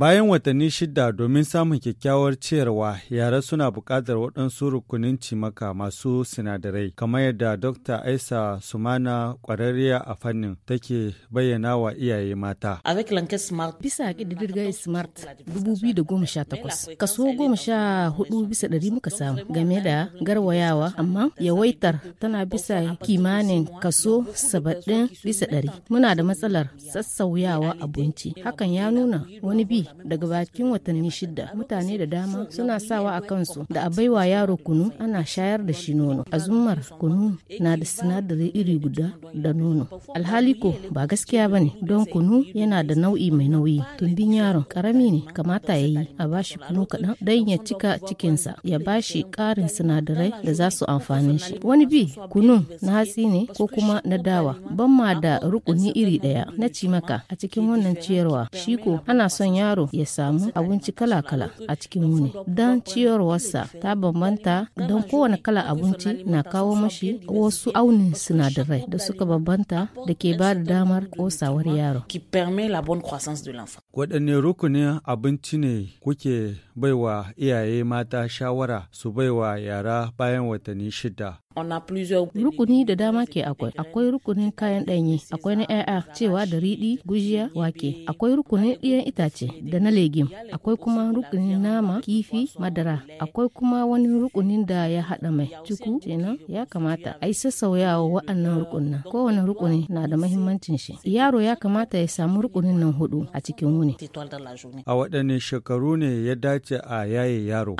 Bayan watanni shida domin samun kyakkyawar ciyarwa, yara suna buƙatar waɗansu rukunin cimaka masu sinadarai, kamar yadda Dr. Aisa Sumana ƙwararriya a fannin take bayyana wa iyaye mata. smart. Bisa ƙididdigar Smart 2018, kaso 14 bisa ɗari muka samu game da garwayawa, amma yawaitar tana bisa kimanin kaso 70 bisa ɗari. Muna da matsalar sassauyawa abinci, hakan ya nuna wani bi daga bakin watanni shida mutane da dama suna sawa a kansu da a baiwa yaro kunu ana shayar da shi nono azumar kunu na da sinadari iri guda da nono alhali ko ba gaskiya ba ne don kunu yana da nau'i mai nauyi tumbin yaron karami ne kamata ya yi a bashi kunu kaɗan don ya cika cikinsa ya bashi ƙarin sinadarai da za su amfani shi wani bi kunu na hatsi ne ko kuma na dawa ban ma da rukuni iri ɗaya na cimaka a cikin wannan ciyarwa shi ko ana son yaro yaro ya samu abinci kala-kala a cikin wuni don ciyarwarsa ta bambanta don kowane kala abinci na kawo mashi wasu aunin sinadarai da suka bambanta da ke ba da damar kosawar yaro waɗanne rukunin abinci ne kuke baiwa iyaye mata shawara su baiwa yara bayan watanni shida Rukuni da dama ke akwai. Akwai rukunin kayan ɗanye, akwai na 'ya'ya cewa da riɗi, gujiya, wake. Akwai rukunin ɗiyan itace da na legim. Akwai kuma rukunin nama, kifi, madara. Akwai kuma wani rukunin da ya haɗa mai cuku kenan ya kamata a yi sassauyawa wa'annan rukunin. Kowane rukuni na da mahimmancin shi. Yaro ya kamata ya samu rukunin nan hudu a cikin wuni. A waɗanne shekaru ne ya dace a yaye yaro?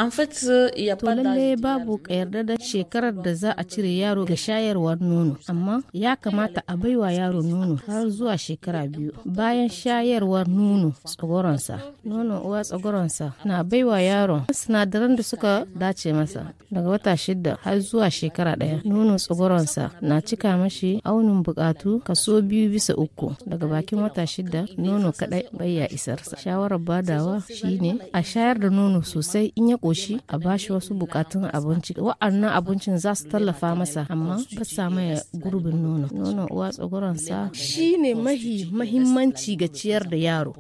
babu yarda da shekarar da za a cire yaro ga shayarwar nono amma ya kamata a baiwa yaro nono har zuwa shekara biyu bayan shayarwar nono tsagoronsa nono uwa tsagoronsa na baiwa yaron sinadaran da suka dace masa daga wata shida har zuwa shekara ɗaya nono tsagoronsa na cika mashi aunin bukatu kaso biyu bisa uku daga bakin wata shida nono kadai bai ya isarsa shawarar badawa shine a shayar da nono sosai in ya koshi a bashi wasu bukatun abinci wa'annan abincin za su tallafa tallafa masa amma ba sa mai gurbin nono nono uwa sa. shine mahi mahimmanci ga ciyar da yaro